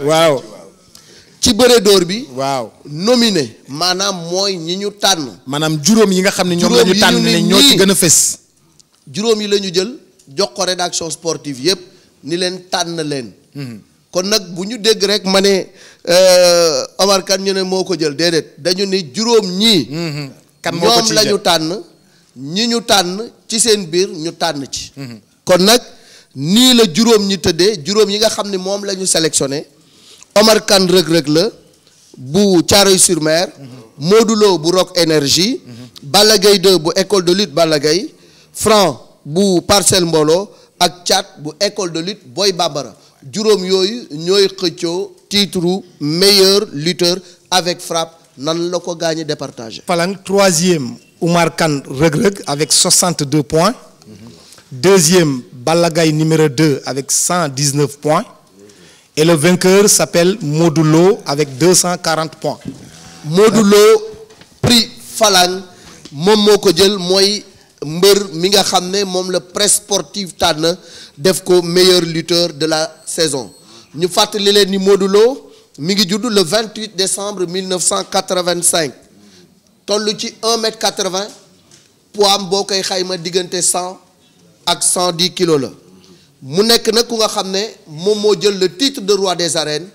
waaw ci bërëdoor bi. waaw nominé maanaam mooy ñi ñu tànn. maanaam juróom yi nga xam ne ñoom la tànn ne ñoo ci gën a juróom yi la ñu jël jox ko rédaction sportive yépp ni leen tànn leen. Mhm. kon nag bu ñu dégg rek ma ne euh, Omar kan ñu ne moo ko jël déedéet dañu ne juróom ñii. Mhm. kan moo ci ñoom tànn ñi ñu tànn ci seen biir ñu tànn ci. Mhm. kon nag. Ni le juróom ñi était juróom yi nga xam mom lañu la sélectionné Omar Khan rëg-rëg la bu sur mer Modulo pour bu Rock Énergie Bou 2 bu école de lutte balagaï, Fran Franc bu Parcel molo, ak Chat bu école de lutte Boy Bambara juróom yoyu ñoy xëccio titre meilleur lutteur avec frappe nan la ko gagné départagé Falang troisième Omar Khan rëg avec avec 62 points deuxième Balagaï numéro 2 avec 119 points. Et le vainqueur s'appelle Modulo avec 240 points. Modulo, prix Falan, Momo Kodjel, moi, Mbeur, Minga Khamne, Mom le presse sportive tane Defco, meilleur lutteur de la saison. Nous faisons les Modulo, Mingi le 28 décembre 1985. Ton 1m80, poids digente Khaïma Digante 100. 110 kilos Je mu sais pas si nga xam ne le titre de roi des arènes